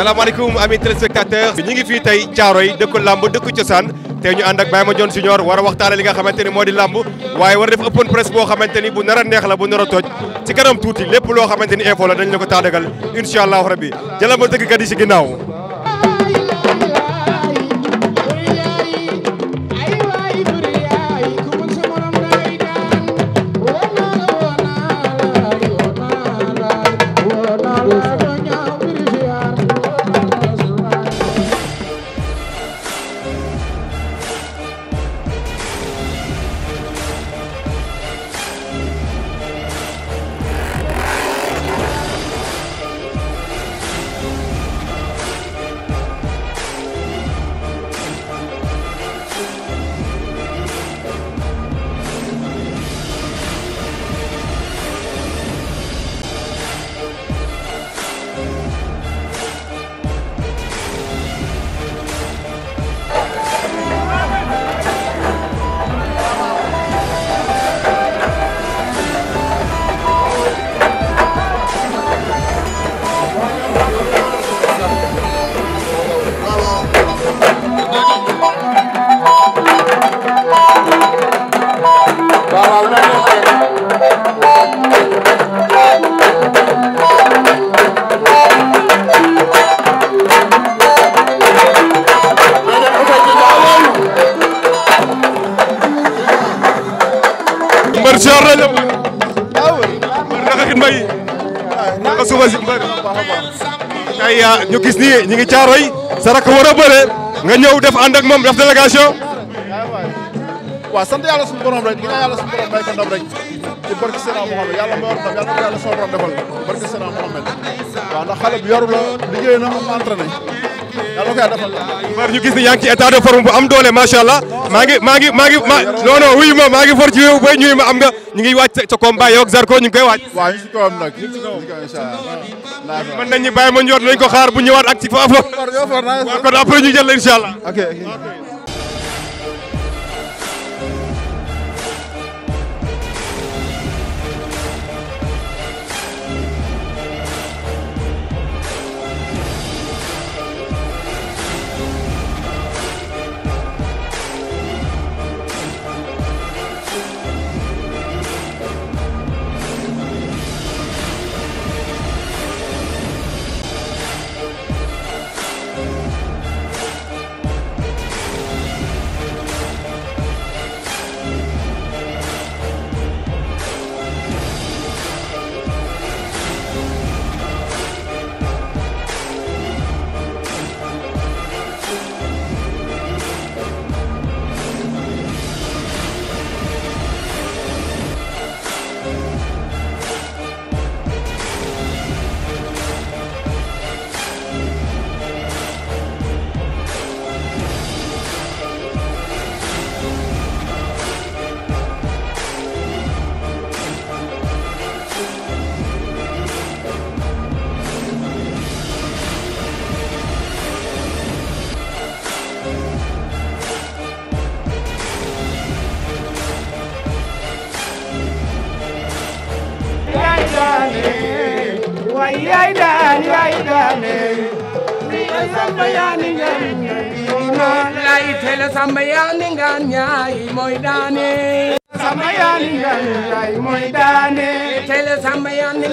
salaamaaleykum amis téléspectateurs ñu ngi fii tey Caaroy dëkku làmb dëkku cosaan tey ñu ànd ak Baye Mandione Junior war a waxtaane li nga xamante ni moo di làmb waaye war a def open press boo xamante ni bu nar a neex la bu nar toj ci kanam tuuti lépp loo xamante ni info la dañ la ko tàggatal incha allahu rabbi jëlal ma dëggkat yi ci ginnaaw naka suba si mbër tey ah, ñu gis ni ñu ngi caaroy sa rakk war a nga ñëw def ànd ak moom def délégation. waaw sant yàlla suñu borom rek di ñaan yàlla suñu borom may ko ndam rek ci barke Seydina Mohamed yàlla moo yor ndam yàlla yàlla suñu borom defal barke Seydina Mohamed waaw ndax xale bi yoru la liggéey na am entraîné. yàlla ko yàlla defal la ñu gis ni yaa ngi ci bu am doole macha allah maa ngi ma wuyu ma maa ngi for ci ma am nga ñu ngi wàcc sa combat yow ak Zarko ñu ngi koy wàcc waaw ñu si ñu si kawam incha allah mën ñu bàyyi ma ñëwaat nañ ko xaar bu ñëwaat ak ci faafa waaw kon après ñu jël la incha yaay daane li la samba yaa ni nga lay tele samba yaa nga ni nga ñaay daane tele samba yaa nga ñaay mooy daane daane tele samba yaa ni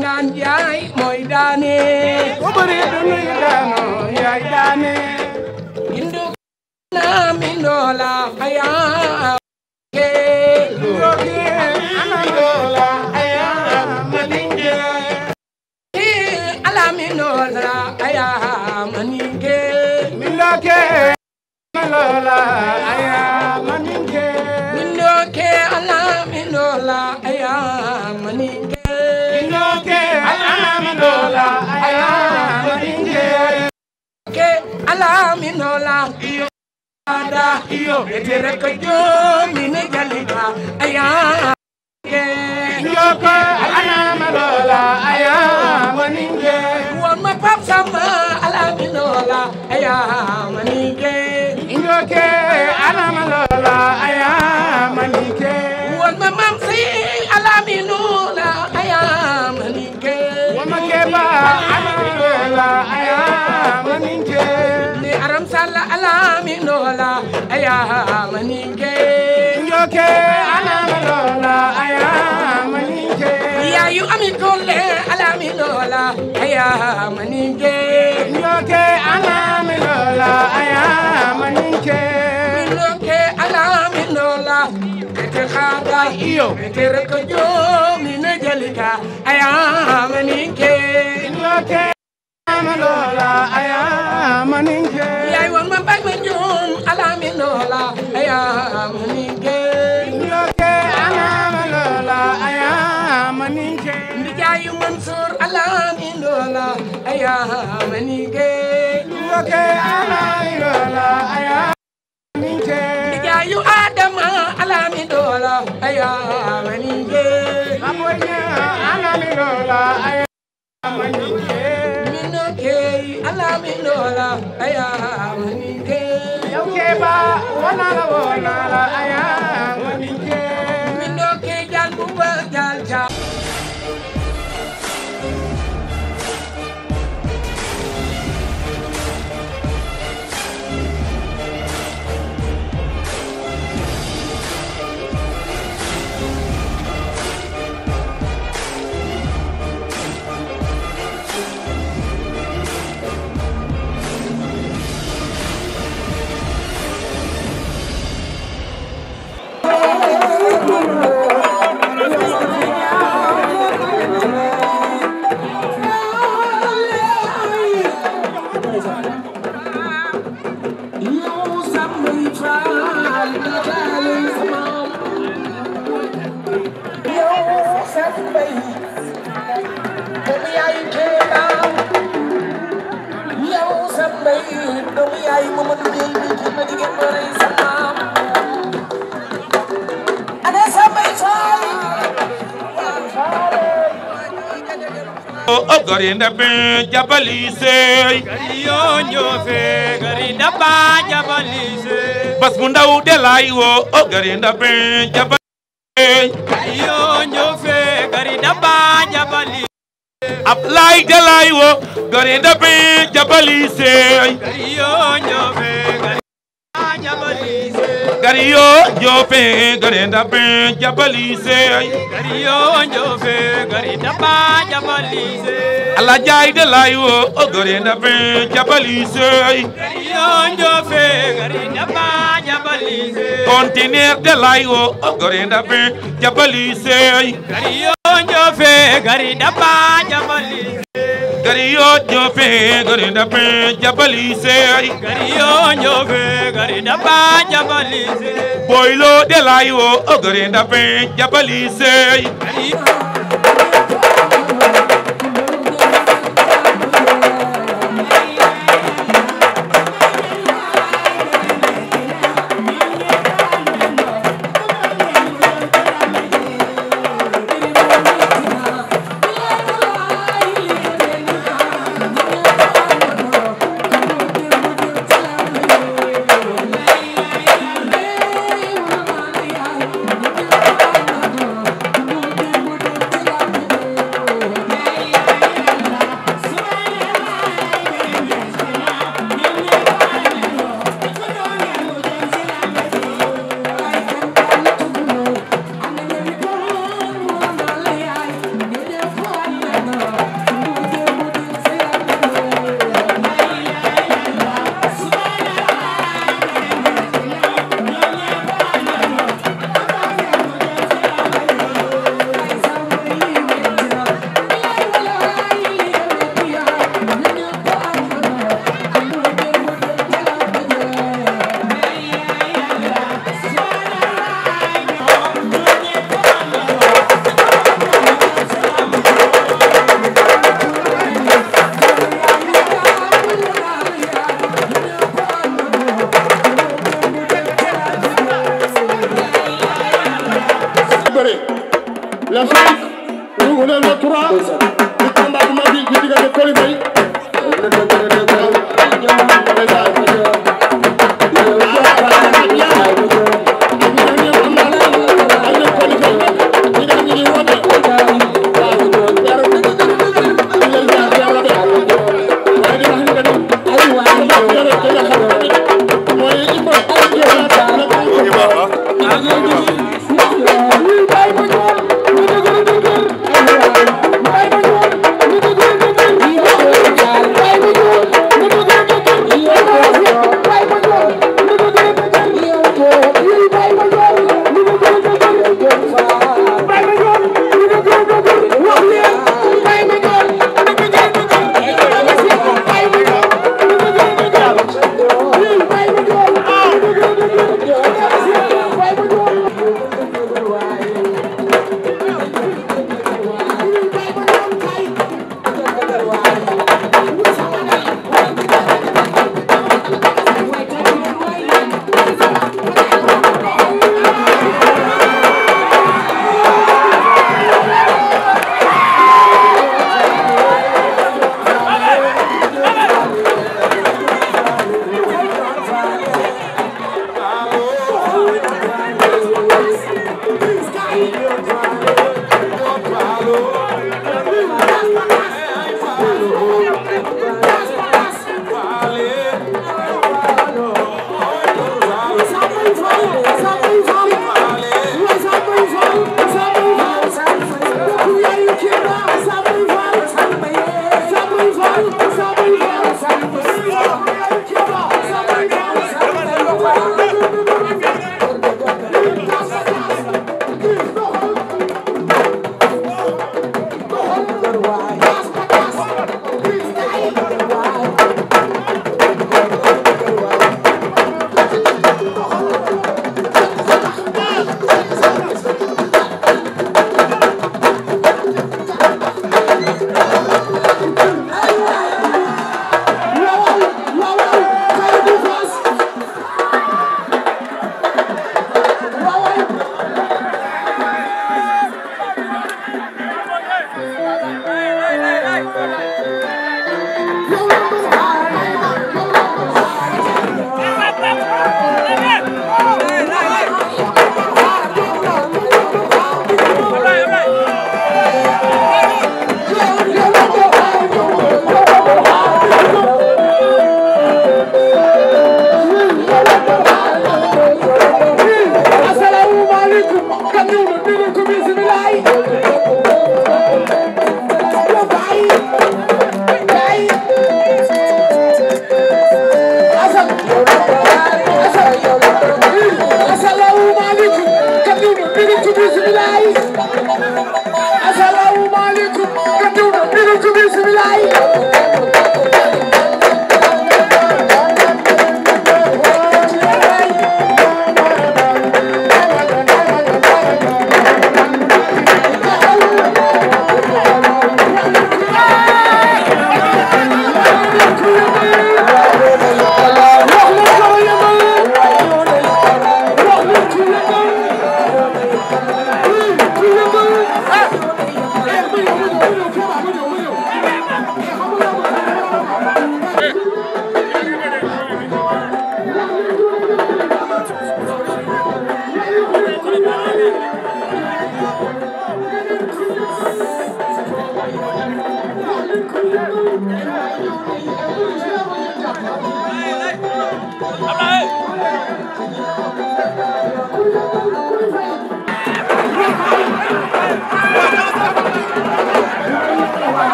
nga ñaay daane ko bëri du nuyu daano yaay daane indo na min xayaa ala mi no la yo jalida iyo tere ko jomine jalida aya yoko alama lola aya maninge won ma pap sama alama lola aya maninge yoke alama lola aya maninge won ma mam si alama lola aya maninge won ma keba alama lola aya walla alami nola ayamaninke joke alama nola ayamaninke yayu amin kolle alami nola ayamaninke joke alami nola ayamaninke joke alami nola ete khada iyo ete rekojo mine jalika ayamaninke joke alama loola aya maninke yaay won ma bay ma ñoom alami loola aya maninke njoke alama loola aya maninke ndijaayu Mansour alami loola aya maninke njoke loola ayaa ma ni dee yow kee ba woo naa la woo naa la ayaa gari ndabbe jabali sey yo ñofe gari ndabba jabali sey bas mu ndaw de lay wo o oh, gari ndabbe jabali sey Ablaye Jalaay wo gore ndape jabali sey yo ñobe jabali sey gariyo de lay wo o gore ndape njofe gari daba jabali gariyo njofe gari daba jabali sey gariyo njofe gari daba jabali sey boylo delayo oh, gari daba jabali sey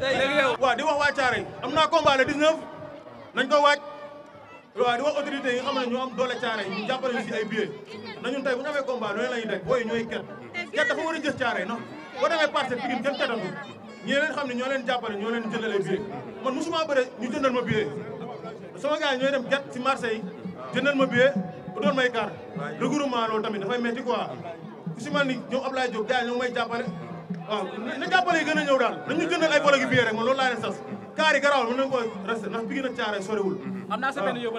waaw di wax waa Thiaroye am naa combat di 19 nañ ko waaj waaw di wax autorité yi nga xam ne ñoo am doole Thiaroye ñu jàppale ñu si ay billets nañun tey bu ñu amee combat noonu la de def booy ñooy ket ket dafa war a jëf Thiaroye ndax boo demee Parcelles Pikine kenn ketandu ñi leen xam ne ñoo leen jàppale ñoo leen jëndal ay billets man musuma bëre ñu jëndal ma billet sama gars ñooy dem ket si marché yi jëndal ma billet bu doon may car regroupement loolu tamit dafay metti quoi ku si man ni ñoom Ablaye Diop gars yi waaw na jàppale yi gën a ñëw daal nañu jëndal ay bolo gi biir rek man loolu laa leen sas kaar yi garaawul mën nañu ko resté ndax Pikine ak Thiaroye soriwul am naa sa benn moo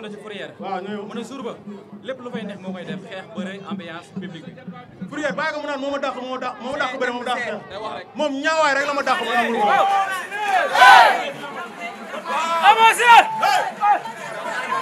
koy def xeex bëre ambiance public moo ma dàq moo moo ma dàq bëre moo ma dàq